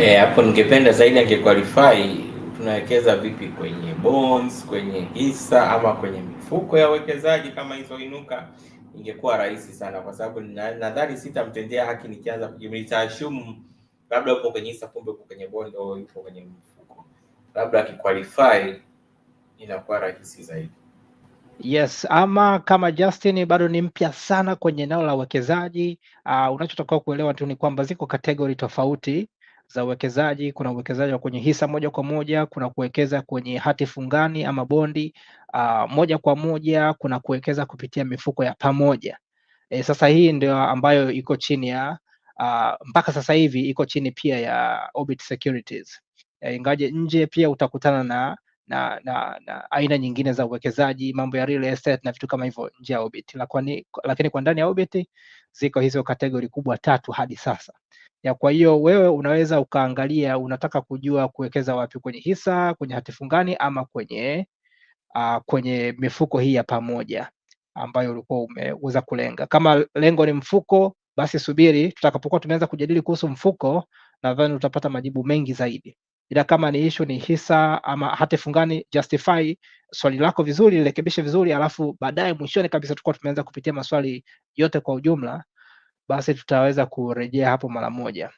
Eh, hapo ningependa zaidi angequalify tunawekeza vipi kwenye bonds, kwenye hisa ama kwenye mifuko ya uwekezaji kama hizo inuka, ingekuwa rahisi sana, kwa sababu nadhani na sitamtendea haki nikianza nitaashumu labda uko kwenye hisa, kumbe uko kwenye bond au uko kwenye mifuko. Labda akiqualify inakuwa rahisi zaidi. Yes, ama kama Justin bado ni mpya sana kwenye eneo la uwekezaji uh, ah, unachotakiwa kuelewa tu ni kwamba ziko kategori tofauti za uwekezaji. Kuna uwekezaji wa kwenye hisa moja kwa moja, kuna kuwekeza kwenye hati fungani ama bondi uh, moja kwa moja, kuna kuwekeza kupitia mifuko ya pamoja. E, sasa hii ndio ambayo iko chini ya uh, mpaka sasa hivi iko chini pia ya Orbit Securities. E, ingaje nje pia utakutana na na na na aina nyingine za uwekezaji, mambo ya real estate na vitu kama hivyo nje ya orbit. Lakini, lakini kwa ndani ya orbit ziko hizo kategori kubwa tatu hadi sasa ya kwa hiyo wewe unaweza ukaangalia unataka kujua kuwekeza wapi, kwenye hisa, kwenye hati fungani ama kwenye uh, kwenye mifuko hii ya pamoja ambayo ulikuwa umeweza kulenga. Kama lengo ni mfuko, basi subiri tutakapokuwa tumeanza kujadili kuhusu mfuko, nadhani utapata majibu mengi zaidi ila kama ni issue ni hisa ama fungani justify swali lako vizuri, lirekebishe vizuri, alafu baadaye mwishoni kabisa tukuwa tumeanza kupitia maswali yote kwa ujumla, basi tutaweza kurejea hapo mara moja.